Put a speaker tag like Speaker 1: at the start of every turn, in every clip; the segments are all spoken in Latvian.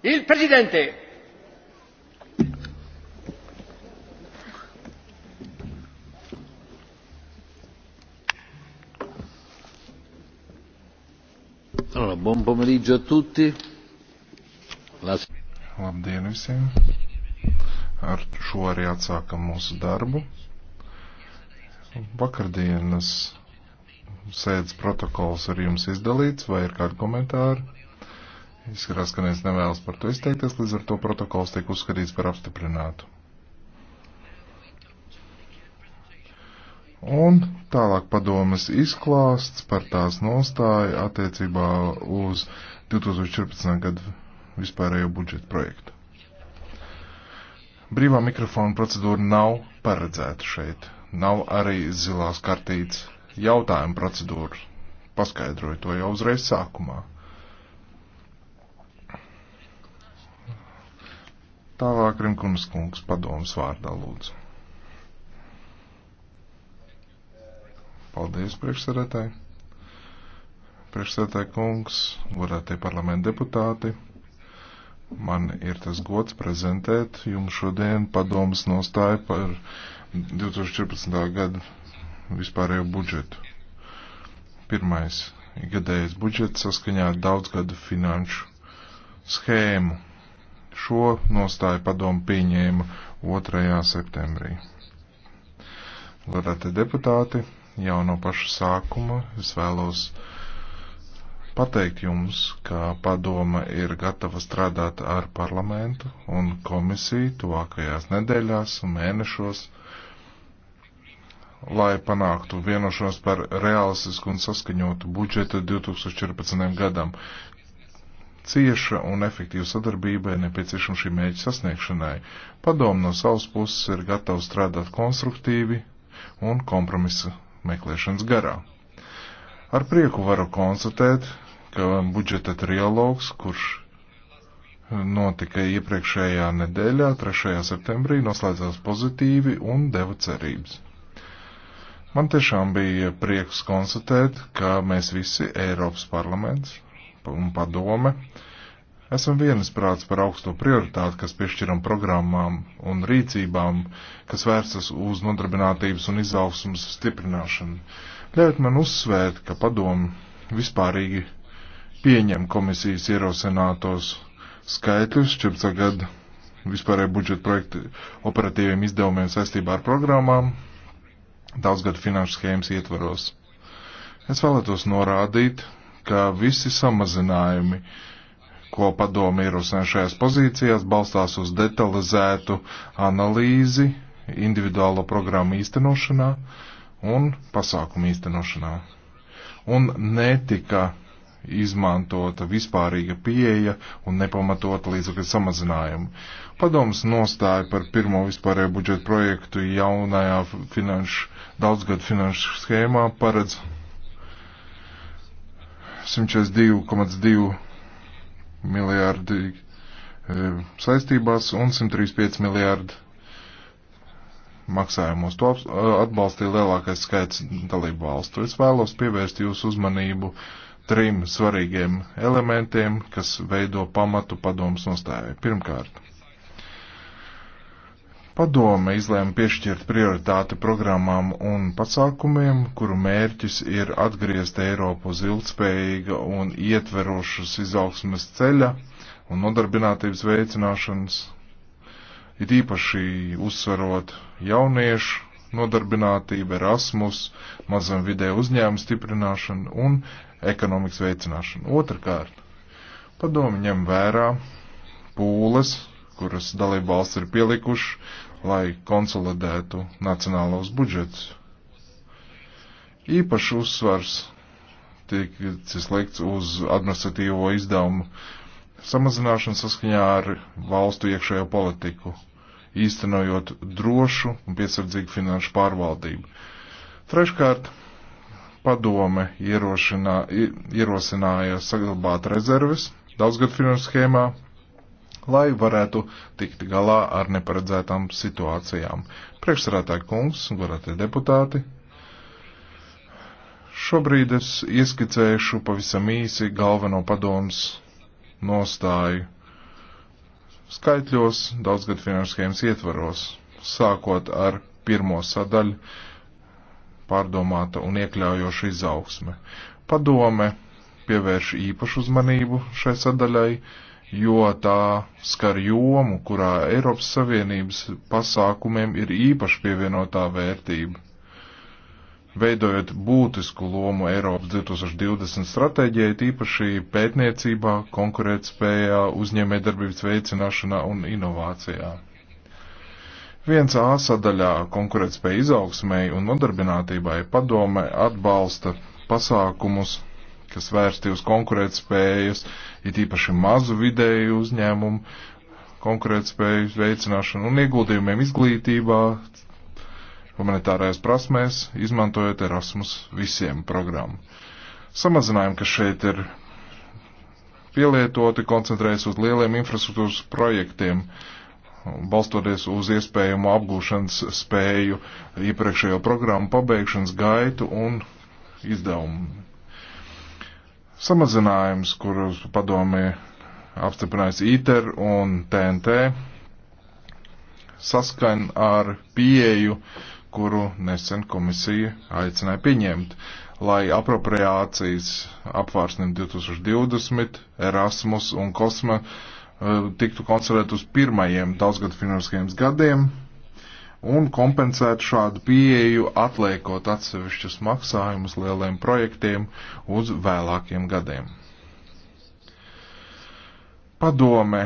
Speaker 1: Il Presidente. Allora, buon pomeriggio a tutti.
Speaker 2: La... Labdien visiem. Ar šo arī atsākam mūsu darbu. Vakardienas sēdes protokols ar jums izdalīts, vai ir kādi komentāri? Izskatās, ka neviens nevēlas par to izteikties, līdz ar to protokols tiek uzskatīts par apstiprinātu. Un tālāk padomas izklāsts par tās nostāju attiecībā uz 2014. gadu vispārējo budžetu projektu. Brīvā mikrofona procedūra nav paredzēta šeit. Nav arī zilās kartītes jautājuma procedūra. Paskaidroju to jau uzreiz sākumā. Tālāk Rimkunas kungs padomas vārdā lūdzu. Paldies, priekšsarētāji. Priekšsarētāji kungs, godātie parlamenta deputāti. Man ir tas gods prezentēt jums šodien padomas nostāju par 2014. gada vispārējo budžetu. Pirmais gadējais budžets saskaņā ar daudzgadu finanšu schēmu Šo nostāju padomu pieņēma 2. septembrī. Godātie deputāti, jau no paša sākuma es vēlos pateikt jums, ka padoma ir gatava strādāt ar parlamentu un komisiju tuvākajās nedēļās un mēnešos, lai panāktu vienošanos par realistisku un saskaņotu budžetu 2014. gadam, Cieša un efektīva sadarbība ir nepieciešama šī mēģi sasniegšanai. Padomu no savas puses ir gatava strādāt konstruktīvi un kompromisa meklēšanas garā. Ar prieku varu konstatēt, ka budžeta trialogs, kurš notika iepriekšējā nedēļā, 3. septembrī, noslēdzās pozitīvi un deva cerības. Man tiešām bija prieks konstatēt, ka mēs visi Eiropas parlaments un padome esam vienisprāts par augsto prioritāti, kas piešķiram programmām un rīcībām, kas vērstas uz nodarbinātības un izaugsmas stiprināšanu. Ļaujiet man uzsvērt, ka padomu vispārīgi pieņem komisijas ierosinātos skaitļus 14 gadu vispārēju budžetu projektu operatīviem izdevumiem saistībā ar programmām daudzgadu finanšu schēmas ietvaros. Es vēlētos norādīt, ka visi samazinājumi, ko padomi ierosināja šajās pozīcijās, balstās uz detalizētu analīzi individuālo programmu īstenošanā un pasākumu īstenošanā. Un netika izmantota vispārīga pieeja un nepamatota līdzekļu samazinājuma. Padoms nostāja par pirmo vispārējo budžetu projektu jaunajā finanšu, daudzgadu finanšu schēmā paredz 142,2 miljārdi e, saistībās un 135 miljārdi maksājumos. To atbalstīja lielākais skaits dalību valstu. Es vēlos pievērst jūsu uzmanību trim svarīgiem elementiem, kas veido pamatu padomus nostājai. Pirmkārt, Padome izlēma piešķirt prioritāti programmām un pasākumiem, kuru mērķis ir atgriezt Eiropu uz ilgspējīga un ietverošas izaugsmes ceļa un nodarbinātības veicināšanas, it īpaši uzsverot jauniešu nodarbinātību, Erasmus, mazam vidē uzņēmumu stiprināšanu un ekonomikas veicināšanu. Otrakārt, padomi ņem vērā pūles, kuras dalībvalsts ir pielikuši, lai konsolidētu nacionālos budžetus. Īpaši uzsvars tiek slikts uz administratīvo izdevumu samazināšanu saskaņā ar valstu iekšējo politiku, īstenojot drošu un piesardzīgu finanšu pārvaldību. Treškārt, padome ierosināja saglabāt rezerves daudzgad finanšu schēmā, lai varētu tikt galā ar neparedzētām situācijām. Priekšsarātāji kungs, varētu deputāti. Šobrīd es ieskicēšu pavisam īsi galveno padomus nostāju skaitļos daudzgad finanskajiem ietvaros, sākot ar pirmo sadaļu pārdomāta un iekļaujoša izaugsme. Padome pievērš īpašu uzmanību šai sadaļai, jo tā skar jomu, kurā Eiropas Savienības pasākumiem ir īpaši pievienotā vērtība. Veidojot būtisku lomu Eiropas 2020 stratēģijai, tīpaši pētniecībā, konkurētspējā, uzņēmējdarbības veicināšanā un inovācijā. Viens A sadaļā konkurētspēja izaugsmēji un nodarbinātībai padome atbalsta pasākumus kas vērsti uz konkurētspējas, it īpaši mazu vidēju uzņēmumu konkurētspējas veicināšanu un ieguldījumiem izglītībā, humanitārais prasmēs, izmantojot Erasmus visiem programmu. Samazinājumi, kas šeit ir pielietoti, koncentrējas uz lieliem infrastruktūras projektiem, balstoties uz iespējamo apgūšanas spēju, iepriekšējo programmu pabeigšanas gaitu un izdevumu Samazinājums, kurus padomē apstiprinājis ITER un TNT, saskan ar pieeju, kuru nesen komisija aicināja pieņemt, lai apropriācijas apvārsnim 2020, Erasmus un Kosme eh, tiktu koncentrēt uz pirmajiem daudzgadu finanskajiem gadiem, un kompensēt šādu pieeju, atliekot atsevišķus maksājumus lieliem projektiem uz vēlākiem gadiem. Padome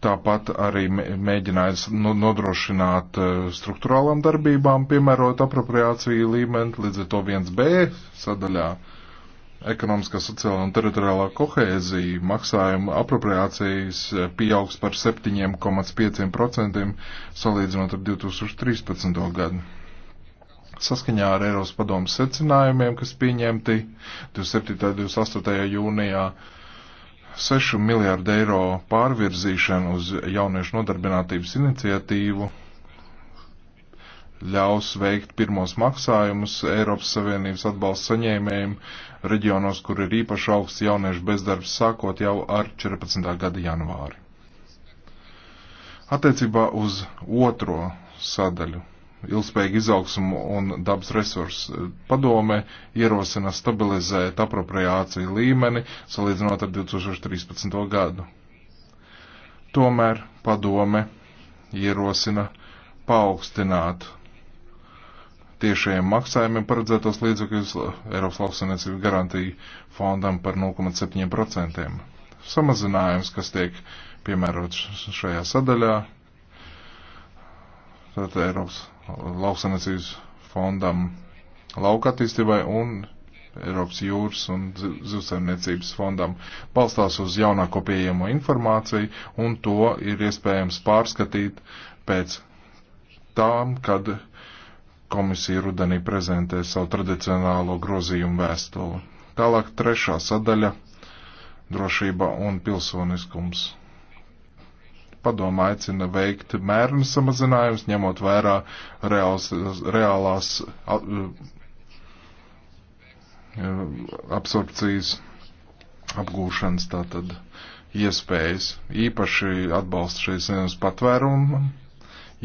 Speaker 2: tāpat arī mēģinājis nodrošināt e, struktūrālām darbībām piemērot apropriāciju līmeni līdz ar to 1B sadaļā ekonomiskā, sociālā un teritoriālā kohēzija maksājuma apropriācijas eh, pieaugs par 7,5% salīdzinot ar 2013. gadu. Saskaņā ar Eiropas padomu secinājumiem, kas pieņemti 27. un 28. jūnijā, 6 miljārdu eiro pārvirzīšanu uz jauniešu nodarbinātības iniciatīvu ļaus veikt pirmos maksājumus Eiropas Savienības atbalsta saņēmējiem reģionos, kur ir īpaši augsts jauniešu bezdarbs, sākot jau ar 14. gada janvāri. Attiecībā uz otro sadaļu - ilgspējīgu izaugsmu un dabas resursu padome ierosina stabilizēt apropriāciju līmeni salīdzinot ar 2013. gadu. Tomēr padome ierosina paaugstināt tiešajiem maksājumiem paredzētos līdzekļus Eiropas lauksaimniecības garantiju fondam par 0,7%. Samazinājums, kas tiek piemērots šajā sadaļā, tātad Eiropas lauksaimniecības fondam lauka attīstībai un Eiropas jūras un zivsaimniecības fondam balstās uz jaunāko pieejamo informāciju, un to ir iespējams pārskatīt pēc tām, kad uh, komisija rudenī prezentē savu tradicionālo grozījumu vēstuli. Tālāk trešā sadaļa - drošība un pilsoniskums. Padoma aicina veikt mērnu samazinājumus, ņemot vērā reāls, reālās a, absorpcijas apgūšanas tātad iespējas. Īpaši atbalsta šīs zināmas patvērumu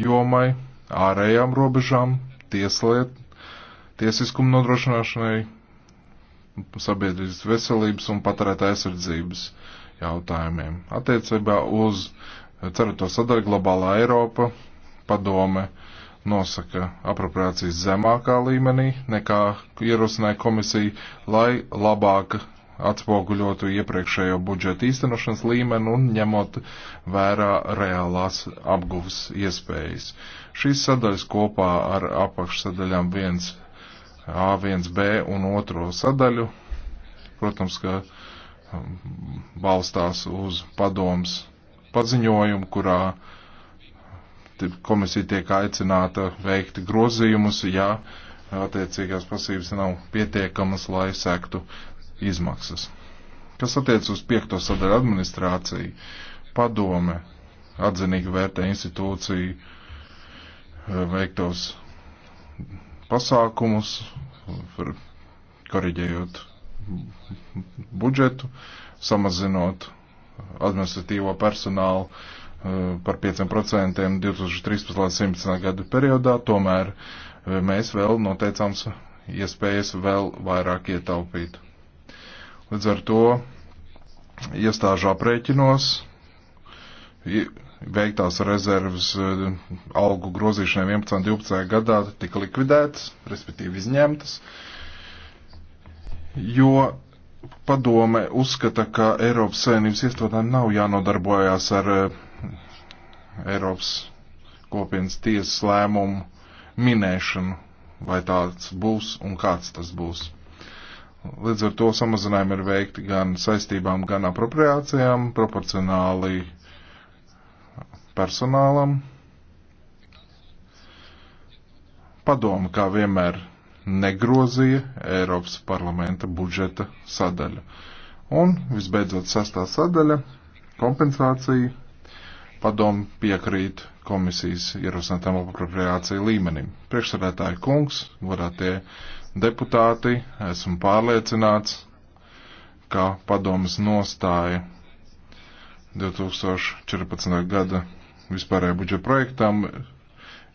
Speaker 2: jomai, ārējām robežām, tieslietu, tiesiskumu nodrošināšanai, sabiedrības veselības un patarētāja aizsardzības jautājumiem. Attiecībā uz cerato sadaļu globālā Eiropa padome nosaka apropriācijas zemākā līmenī nekā ierosināja komisija, lai labāk atspoguļotu iepriekšējo budžetu īstenošanas līmeni un ņemot vērā reālās apguvas iespējas. Šīs sadaļas kopā ar apakšsadaļām 1, A1B un 2 sadaļu, protams, ka um, balstās uz padoms paziņojumu, kurā komisija tiek aicināta veikt grozījumus, ja attiecīgās pasības nav pietiekamas, lai sektu izmaksas. Kas attiec uz piekto sadaļu administrāciju, padome atzinīgi vērtē institūciju eh, veiktos pasākumus, koriģējot budžetu, samazinot administratīvo personālu eh, par 5% 2013. līdz 17. gadu periodā, tomēr eh, mēs vēl noteicām iespējas vēl vairāk ietaupīt. Līdz ar to iestāžu aprēķinos veiktās rezerves e, algu grozīšanai 11. un 12. gadā tika likvidētas, respektīvi izņemtas, jo padome uzskata, ka Eiropas Savienības iestādēm nav jānodarbojās ar e, Eiropas kopienas tiesas lēmumu minēšanu, vai tāds būs un kāds tas būs. Līdz ar to samazinājumi ir veikti gan saistībām, gan apropriācijām, proporcionāli personālam. Padoma, kā vienmēr, negrozīja Eiropas parlamenta budžeta sadaļu. Un, visbeidzot, sastā sadaļa - kompensācija. Padomu piekrīt komisijas ierosinātām apropriāciju līmenim. Priekšsēdētāji kungs, varētie deputāti, esmu pārliecināts, ka padomas nostāja 2014. gada vispārējā budžeta projektam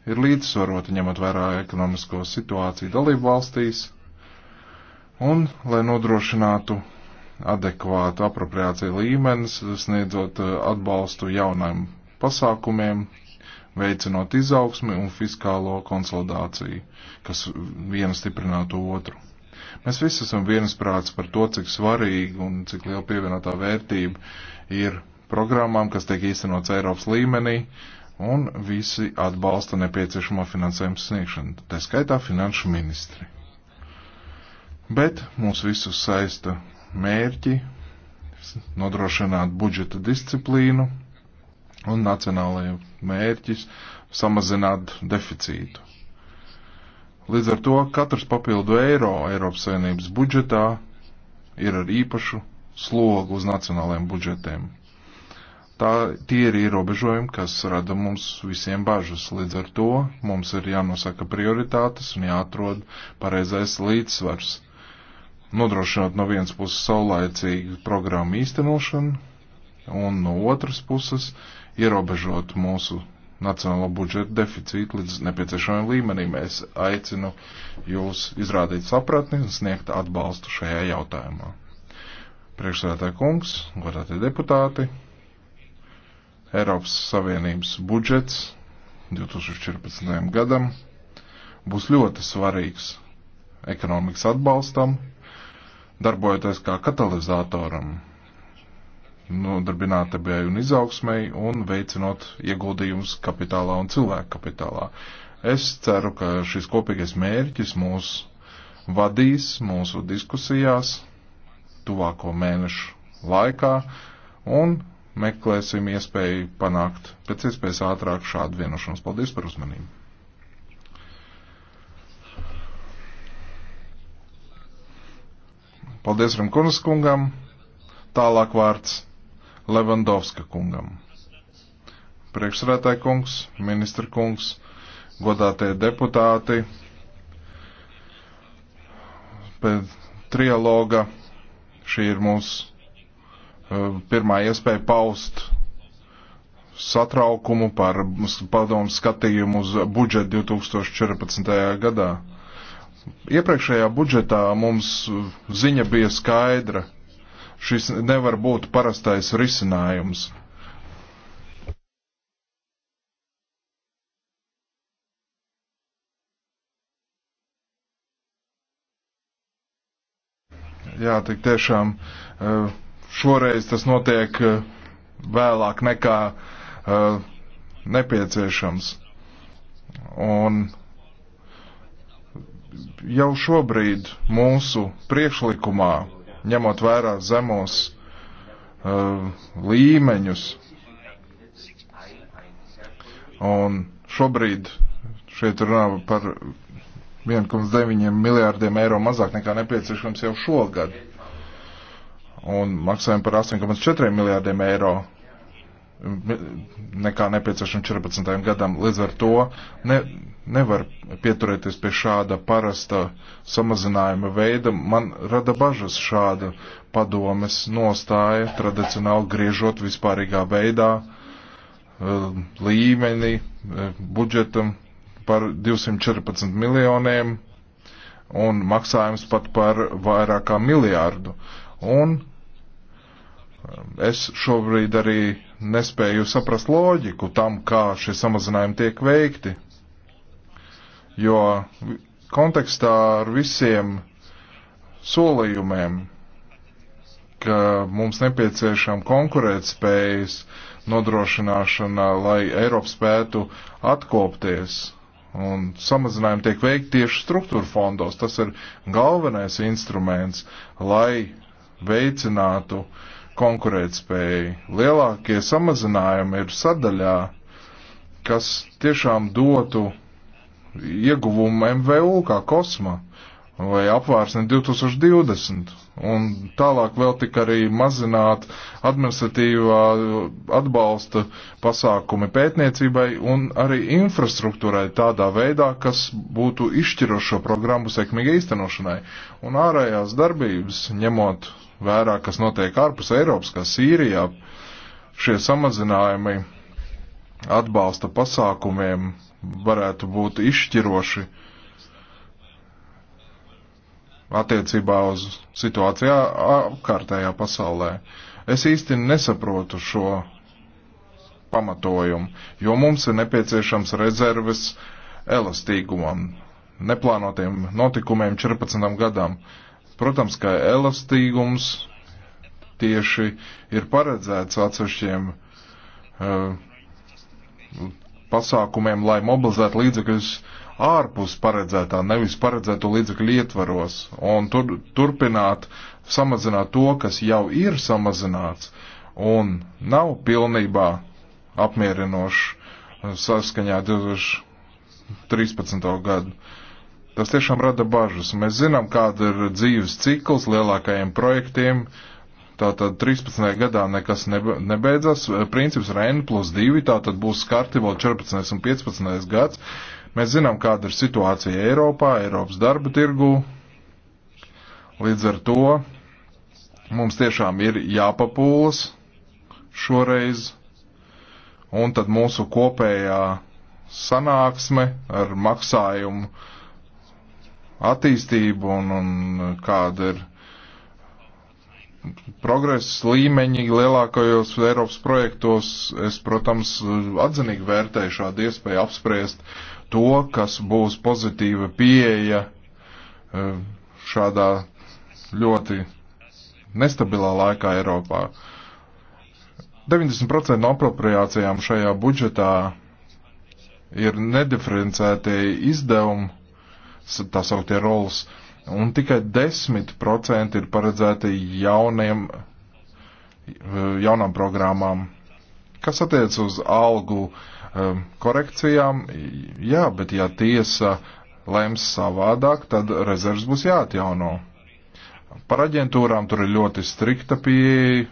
Speaker 2: ir līdzsvaroti ņemot vērā ekonomisko situāciju dalību valstīs un, lai nodrošinātu adekvātu apropriāciju līmenis, sniedzot eh, atbalstu jaunajiem pasākumiem, veicinot izaugsmi un fiskālo konsolidāciju, kas viena stiprinātu otru. Mēs visi esam viensprāts par to, cik svarīgi un cik liela pievienotā vērtība ir programmām, kas tiek īstenots Eiropas līmenī, un visi atbalsta nepieciešamo finansējumu sniegšanu, tā skaitā finanšu ministri. Bet mūs visus saista mērķi nodrošināt budžeta disciplīnu, un nacionālajiem mērķis samazināt deficītu. Līdz ar to katrs papildu eiro Eiropas Savienības budžetā ir ar īpašu slogu uz nacionālajiem budžetiem. Tā, tie ir ierobežojumi, kas rada mums visiem bažas. Līdz ar to mums ir jānosaka prioritātes un jāatrod pareizais līdzsvars. Nodrošinot no vienas puses saulaicīgu programmu īstenošanu un no otras puses ierobežot mūsu nacionālo budžetu deficītu līdz nepieciešamajam līmenim. Es aicinu jūs izrādīt sapratni un sniegt atbalstu šajā jautājumā. Priekšsēdētāja kungs, godātie deputāti, Eiropas Savienības budžets 2014. gadam būs ļoti svarīgs ekonomikas atbalstam, darbojoties kā katalizatoram nodarbinātībai un izaugsmai un veicinot ieguldījumus kapitālā un cilvēku kapitālā. Es ceru, ka šis kopīgais mērķis mūs vadīs mūsu diskusijās tuvāko mēnešu laikā un meklēsim iespēju panākt pēc iespējas ātrāk šādu vienošanos. Paldies par uzmanību! Paldies Ramkunas kungam. Tālāk vārds Levandovska kungam. Priekšsēdētāja kungs, ministra kungs, godātie deputāti, pēc trialoga šī ir mūsu e, pirmā iespēja paust satraukumu par padomu skatījumu uz budžetu 2014. gadā. Iepriekšējā budžetā mums ziņa bija skaidra, Šis nevar būt parastais risinājums. Jā, tik tiešām e, šoreiz tas notiek e, vēlāk nekā e, nepieciešams. Un jau šobrīd mūsu priekšlikumā ņemot vērā zemos uh, līmeņus. Un šobrīd šeit runā par 1,9 miljārdiem eiro mazāk nekā nepieciešams jau šogad. Un maksājam par 8,4 miljārdiem eiro nekā nepieciešams 14. gadam. Līdz ar to ne, nevar pieturēties pie šāda parasta samazinājuma veida. Man rada bažas šāda padomes nostāja, tradicionāli griežot vispārīgā veidā e, līmeni e, budžetam par 214 miljoniem un maksājums pat par vairāk kā miljārdu. Un Um, es šobrīd arī nespēju saprast loģiku tam, kā šie samazinājumi tiek veikti, jo kontekstā ar visiem solījumiem, ka mums nepieciešama konkurētspējas nodrošināšana, lai Eiropa spētu atkopties. Un samazinājumi tiek veikti tieši struktūra fondos. Tas ir galvenais instruments, lai veicinātu uh, konkurētspēju. Lielākie samazinājumi ir sadaļā, kas tiešām dotu ieguvumu MVU kā kosma vai apvārsni 2020. Un tālāk vēl tik arī mazināt administratīvā atbalsta pasākumi pētniecībai un arī infrastruktūrai tādā veidā, kas būtu izšķirošo programmu sekmīgai īstenošanai. Un ārējās darbības, ņemot vērā, kas notiek ārpus Eiropas, kā Sīrijā, šie samazinājumi atbalsta pasākumiem varētu būt izšķiroši attiecībā uz situācijā apkārtējā pasaulē. Es īsti nesaprotu šo pamatojumu, jo mums ir nepieciešams rezerves elastīgumam, neplānotiem notikumiem 14 gadam. Protams, ka elastīgums tieši ir paredzēts atsevišķiem uh, pasākumiem, lai mobilizētu līdzekļus ārpus paredzētā, nevis paredzēto līdzekļu ietvaros, un tur, turpināt samazināt to, kas jau ir samazināts un nav pilnībā apmierinošs eh, saskaņā 2013. gadu. Tas tiešām rada bažas. Mēs zinām, kāda ir dzīves cikls lielākajiem projektiem. Tātad 13. gadā nekas nebeidzas. Princips ir N plus 2, tātad būs skarti vēl 14. un 15. gads. Mēs zinām, kāda ir situācija Eiropā, Eiropas darba tirgū. Līdz ar to mums tiešām ir jāpapūlas šoreiz. Un tad mūsu kopējā sanāksme ar maksājumu uh, attīstību un, un kāda ir progresa līmeņi lielākajos Eiropas projektos. Es, protams, atzinīgi vērtēju šādu iespēju apspriest to, kas būs pozitīva pieeja e, šādā ļoti nestabilā laikā Eiropā. 90% no apropriācijām šajā budžetā ir nediferencētie izdevumi, tā sauktie roles, un tikai 10% ir paredzēti jauniem, eh, jaunām programmām. Kas attiec uz algu eh, korekcijām, jā, bet ja tiesa lems savādāk, tad rezerves būs jāatjauno. Par aģentūrām tur ir ļoti strikta pieeja,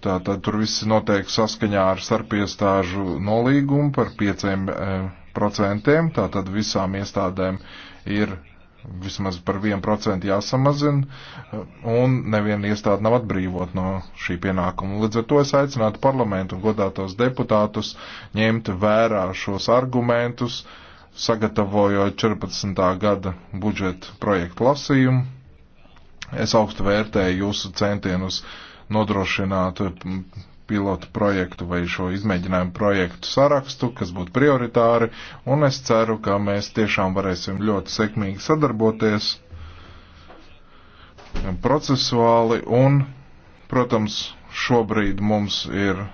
Speaker 2: Tātad tur viss notiek saskaņā ar starpiestāžu nolīgumu par pieciem eh, procentiem, tātad visām iestādēm ir vismaz par 1% jāsamazina, un neviena iestāde nav atbrīvot no šī pienākuma. Līdz ar to es aicinātu parlamentu un godātos deputātus ņemt vērā šos argumentus, sagatavojot 14. gada budžeta projektu lasījumu. Es augstu vērtēju jūsu centienus nodrošināt pilotu projektu vai šo izmēģinājumu projektu sarakstu, kas būtu prioritāri, un es ceru, ka mēs tiešām varēsim ļoti sekmīgi sadarboties procesuāli, un, protams, šobrīd mums ir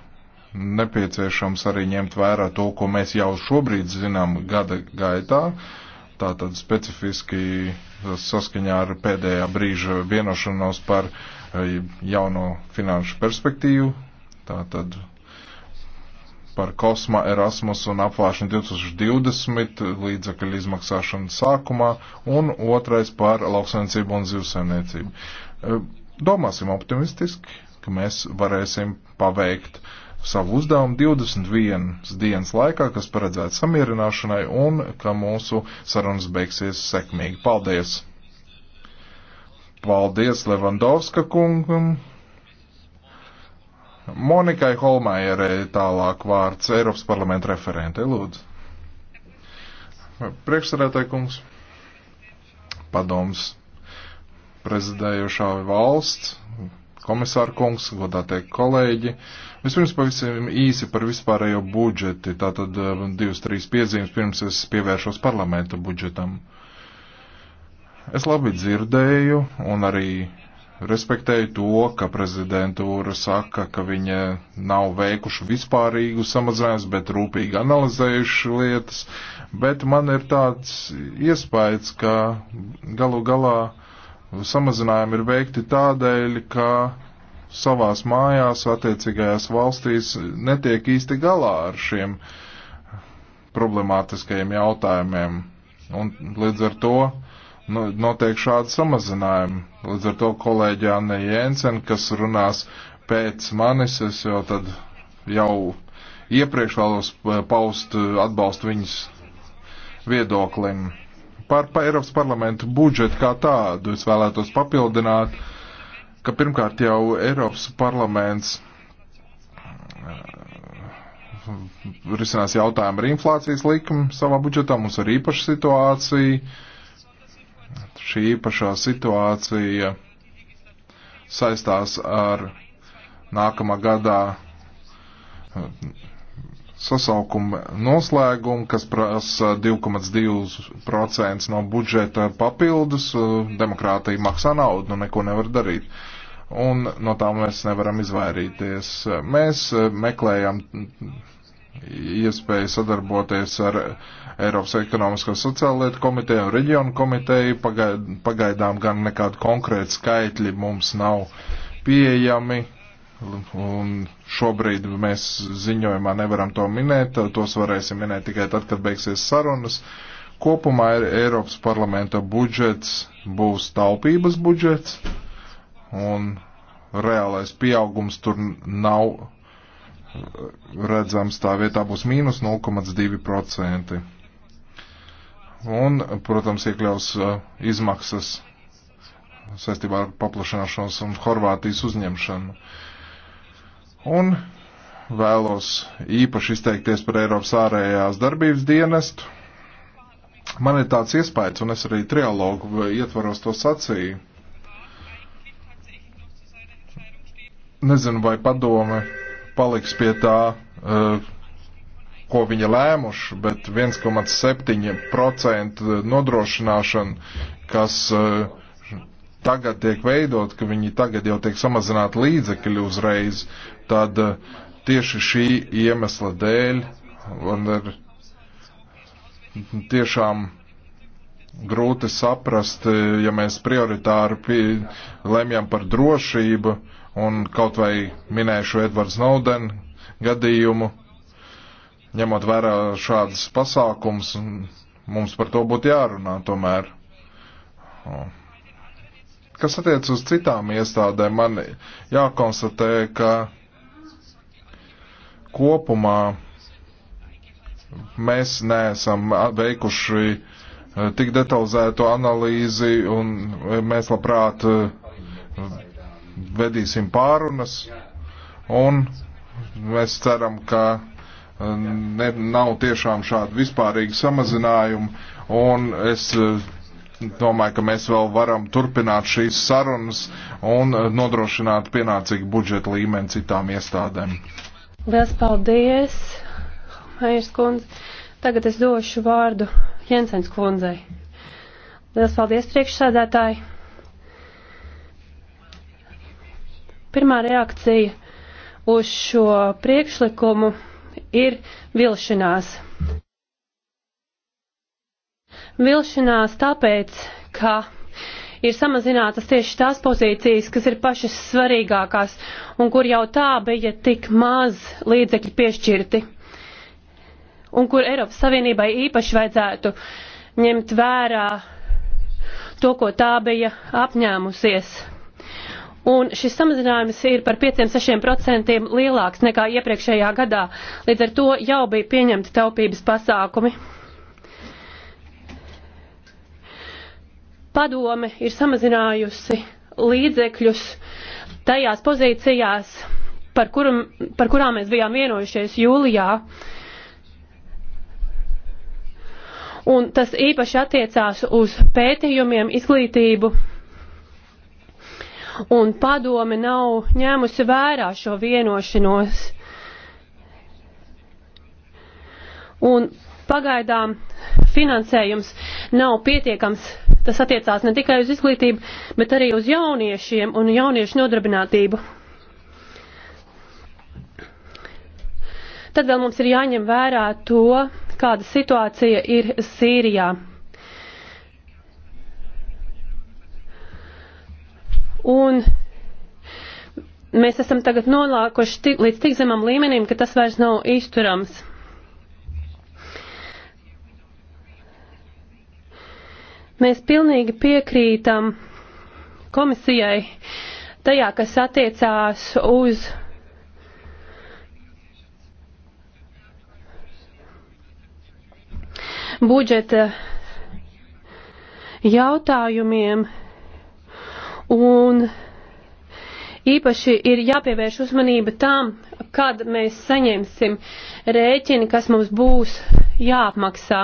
Speaker 2: nepieciešams arī ņemt vērā to, ko mēs jau šobrīd zinām gada gaitā, tātad specifiski saskaņā ar pēdējā brīža vienošanos par eh, jauno finanšu perspektīvu Tātad par kosma Erasmus un apvāršanu 2020 līdzekļu izmaksāšanu sākumā un otrais par lauksaimniecību un zivsaimniecību. E, domāsim optimistiski, ka mēs varēsim paveikt savu uzdevumu 21 dienas laikā, kas paredzēts samierināšanai un ka mūsu sarunas beigsies sekmīgi. Paldies! Paldies Levandovska kungam! Monikai Holmajerei tālāk vārds Eiropas parlamenta referente. Lūdzu. Priekšsarētāji kungs, padoms prezidējušā valsts, komisāra kungs, godātie kolēģi. Vispirms pavisam īsi par vispārējo budžeti, tātad um, divas, trīs piezīmes, pirms es pievēršos parlamenta budžetam. Es labi dzirdēju un arī respektēju to, ka prezidentūra saka, ka viņa nav veikuši vispārīgu samazinājumu, bet rūpīgi analizējuši lietas, bet man ir tāds iespējas, ka galu galā samazinājumi ir veikti tādēļ, ka savās mājās, attiecīgajās valstīs netiek īsti galā ar šiem problemātiskajiem jautājumiem. Un līdz ar to uh, Nu, notiek šādi samazinājumi. Līdz ar to kolēģi Anne Jensen, kas runās pēc manis, es jau tad jau iepriekš vēlos paust eh, atbalstu viņas viedoklim. Par pa Eiropas parlamentu budžetu kā tādu es vēlētos papildināt, ka pirmkārt jau Eiropas parlaments eh, risinās jautājumu ar inflācijas likumu savā budžetā, mums ir īpaša situācija, uh, šī īpašā situācija saistās ar nākamā gadā eh, sasaukuma noslēgumu, kas prasa 2,2% no budžeta papildus. Eh, demokrātija maksā naudu, nu neko nevar darīt. Un no tā mēs nevaram izvairīties. Mēs eh, meklējam iespēja sadarboties ar Eiropas ekonomisko sociālo lietu komiteju un reģionu komiteju. Pagaidām gan nekādu konkrētu skaitļi mums nav pieejami. Un šobrīd mēs ziņojumā nevaram to minēt, tos varēsim minēt tikai tad, kad beigsies sarunas. Kopumā Eiropas parlamenta budžets būs taupības budžets, un reālais pieaugums tur nav redzams, tā vietā būs mīnus 0,2%. Un, protams, iekļaus uh, izmaksas saistībā ar paplašanāšanos un Horvātijas uzņemšanu. Un vēlos īpaši izteikties par Eiropas ārējās darbības dienestu. Man ir tāds iespējas, un es arī trialogu ietvaros to sacīju. Nezinu, vai padome paliks pie tā, eh, ko viņi lēmuši, bet 1,7% nodrošināšana, kas eh, tagad tiek veidot, ka viņi tagad jau tiek samazināti līdzekļi uzreiz, tad eh, tieši šī iemesla dēļ man ir tiešām grūti saprast, ja mēs prioritāri lemjam par drošību un kaut vai minēšu Edvards Snowden gadījumu, ņemot vērā šādas pasākums, mums par to būtu jārunā tomēr. Kas attiec uz citām iestādēm, man jākonstatē, ka kopumā mēs neesam veikuši eh, tik detalizētu analīzi un eh, mēs labprāt eh, vedīsim pārunas, un mēs ceram, ka um, ne, nav tiešām šādu vispārīgu samazinājumu, un es uh, domāju, ka mēs vēl varam turpināt šīs sarunas un uh, nodrošināt pienācīgu budžeta līmeni citām iestādēm.
Speaker 1: Lielas paldies, Mairs kundze. Tagad es došu vārdus Jensens kundzei. Lielas paldies, priekšsēdētāji! Pirmā reakcija uz šo priekšlikumu ir vilšanās. Vilšanās tāpēc, ka ir samazinātas tieši tās pozīcijas, kas ir pašas svarīgākās un kur jau tā bija tik maz līdzekļu piešķirti un kur Eiropas Savienībai īpaši vajadzētu ņemt vērā to, ko tā bija apņēmusies un šis samazinājums ir par 5-6% lielāks nekā iepriekšējā gadā. Līdz ar to jau bija pieņemti taupības pasākumi. Padome ir samazinājusi līdzekļus tajās pozīcijās, par, kurum, par kurām mēs bijām vienojušies jūlijā. Un tas īpaši attiecās uz pētījumiem, izglītību un padome nav ņēmusi vērā šo vienošanos. Un pagaidām finansējums nav pietiekams. Tas attiecās ne tikai uz izglītību, bet arī uz jauniešiem un jauniešu nodarbinātību. Tad vēl mums ir jāņem vērā to, kāda situācija ir Sīrijā. Un mēs esam tagad nonākuši tik, līdz tik zemam līmenim, ka tas vairs nav izturams. Mēs pilnīgi piekrītam komisijai tajā, kas attiecās uz budžeta jautājumiem un īpaši ir jāpievērš uzmanība tam, kad mēs saņemsim rēķini, kas mums būs jāapmaksā.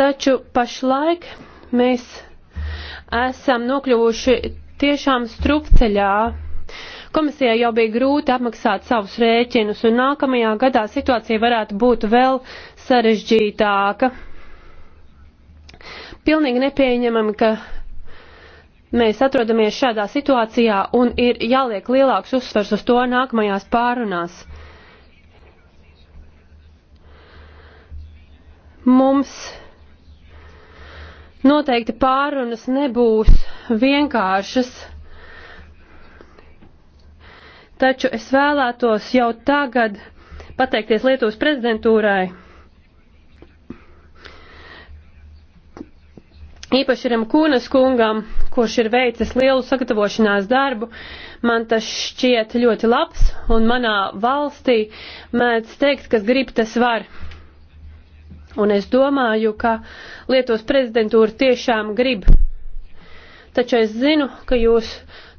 Speaker 1: Taču pašlaik mēs esam nokļuvuši tiešām strupceļā. Komisijai jau bija grūti apmaksāt savus rēķinus, un nākamajā gadā situācija varētu būt vēl sarežģītāka pilnīgi nepieņemami, ka mēs atrodamies šādā situācijā un ir jāliek lielāks uzsvers uz to nākamajās pārunās. Mums noteikti pārunas nebūs vienkāršas, taču es vēlētos jau tagad pateikties Lietuvas prezidentūrai īpašuram Kūnas kungam, kurš ir veicis lielu sagatavošanās darbu. Man tas šķiet ļoti labs, un manā valstī mēdz teikt, kas grib, tas var. Un es domāju, ka Lietuvas prezidentūra tiešām grib. Taču es zinu, ka jūs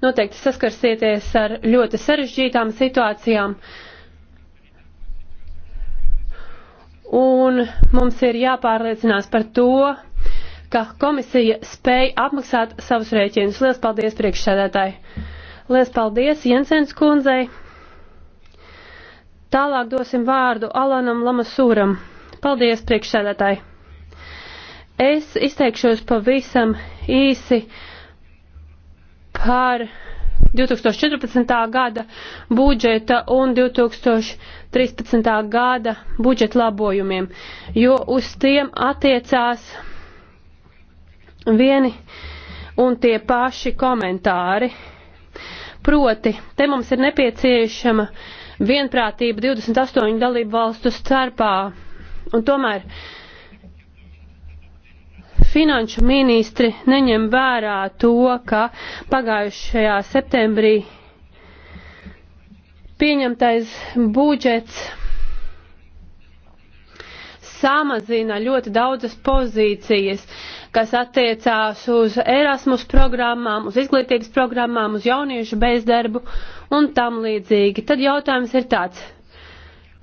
Speaker 1: noteikti saskarsieties ar ļoti sarežģītām situācijām. Un mums ir jāpārliecinās par to, ka komisija spēja apmaksāt savus rēķinus. Lielas paldies priekšsēdētāji! Lielas paldies Jensens kundzei! Tālāk dosim vārdu Alanam Lamasūram. Paldies priekšsēdētāji! Es izteikšos pavisam īsi par 2014. gada budžeta un 2013. gada budžeta labojumiem, jo uz tiem attiecās vieni un tie paši komentāri. Proti, te mums ir nepieciešama vienprātība 28 dalību valstu starpā, un tomēr finanšu ministri neņem vērā to, ka pagājušajā septembrī pieņemtais budžets samazina ļoti daudzas pozīcijas, kas attiecās uz Erasmus programmām, uz izglītības programmām, uz jauniešu bezdarbu un tam līdzīgi. Tad jautājums ir tāds,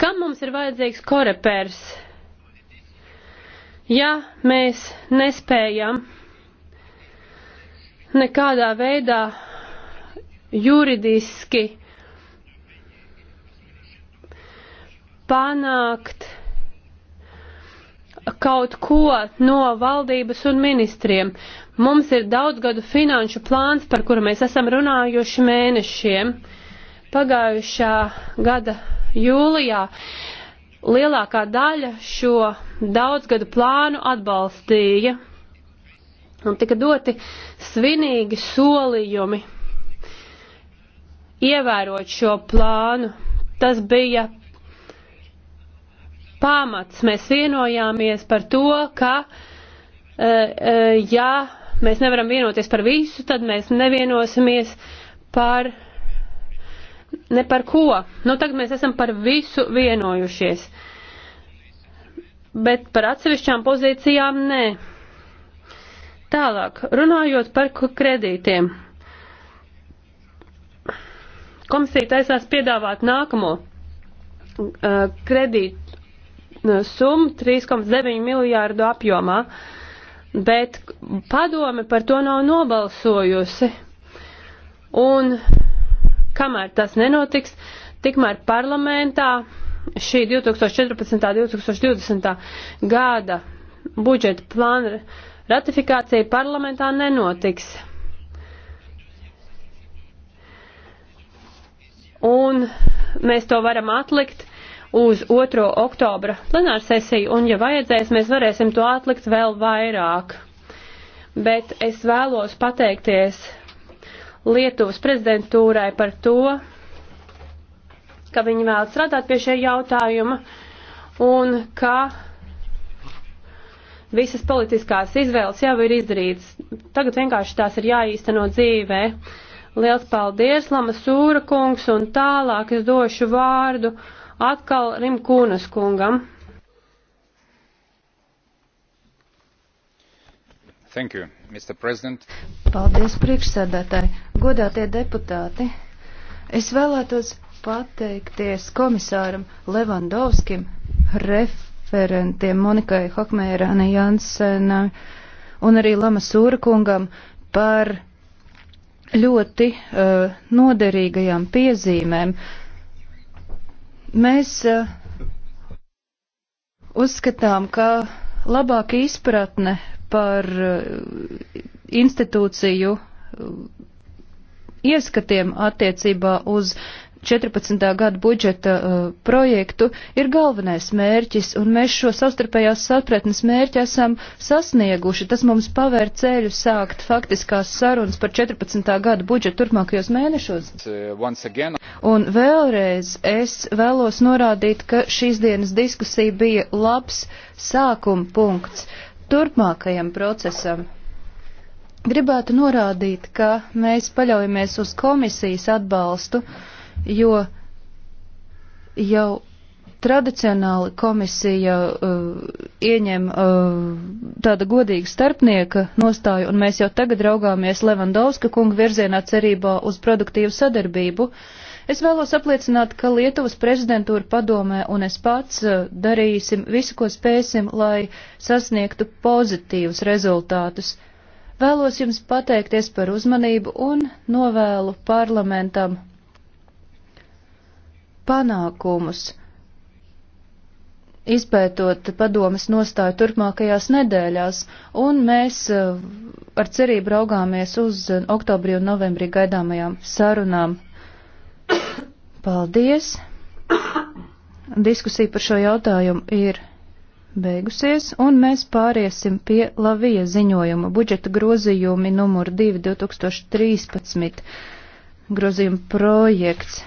Speaker 1: kam mums ir vajadzīgs korepers, ja mēs nespējam nekādā veidā juridiski panākt kaut ko no valdības un ministriem. Mums ir daudzgadu finanšu plāns, par kuru mēs esam runājuši mēnešiem. Pagājušā gada jūlijā lielākā daļa šo daudzgadu plānu atbalstīja un tika doti svinīgi solījumi ievērot šo plānu. Tas bija pamats. Mēs vienojāmies par to, ka e, e, ja mēs nevaram vienoties par visu, tad mēs nevienosimies par ne par ko. Nu, tagad mēs esam par visu vienojušies. Bet par atsevišķām pozīcijām nē. Tālāk, runājot par kredītiem. Komisija taisās piedāvāt nākamo uh, kredīt summa 3,9 miljārdu apjomā, bet padome par to nav nobalsojusi. Un kamēr tas nenotiks, tikmēr parlamentā šī 2014. 2020. gada budžeta plāna ratifikācija parlamentā nenotiks. Un mēs to varam atlikt uz 2. oktobra plenārsesiju, un, ja vajadzēs, mēs varēsim to atlikt vēl vairāk. Bet es vēlos pateikties Lietuvas prezidentūrai par to, ka viņi vēl strādāt pie šie jautājuma un ka visas politiskās izvēles jau ir izdarītas. Tagad vienkārši tās ir jāīsteno dzīvē. Liels paldies, Lama Sūra kungs, un tālāk es došu vārdu Atkal Rimkūnas kungam. Thank you, Mr. President.
Speaker 3: Paldies, priekšsēdētāji. Godātie deputāti, es vēlētos pateikties komisāram Levandovskim, referentiem Monikai Hokmēranai Jansenai un arī Lama Sūrakungam par ļoti uh, noderīgajām piezīmēm. Uh, Mēs eh, uzskatām, ka labāka izpratne par eh, institūciju eh, ieskatiem attiecībā uz 14. gada budžeta uh, projektu ir galvenais mērķis, un mēs šo savstarpējās sapratnes mērķi esam sasnieguši. Tas mums pavēr ceļu sākt faktiskās sarunas par 14. gada budžetu turpmākajos mēnešos. Uh, un vēlreiz es vēlos norādīt, ka šīs dienas diskusija bija labs sākuma punkts turpmākajam procesam. Gribētu norādīt, ka mēs paļaujamies uz komisijas atbalstu, uh, jo jau tradicionāli komisija uh, ieņem uh, tāda godīga starpnieka nostāju, un mēs jau tagad raugāmies Levandovska kunga virzienā cerībā uz produktīvu sadarbību. Es vēlos apliecināt, ka Lietuvas prezidentūra padomē un es pats uh, darīsim visu, ko spēsim, lai sasniegtu pozitīvus rezultātus. Vēlos jums pateikties par uzmanību un novēlu parlamentam panākumus, izpētot padomas nostāju turpmākajās nedēļās, un mēs eh, ar cerību raugāmies uz oktobrī un novembrī gaidāmajām sarunām. Paldies! Diskusija par šo jautājumu ir beigusies, un mēs pāriesim pie Lavija ziņojuma budžeta grozījumi numur 2 2013 grozījuma projekts.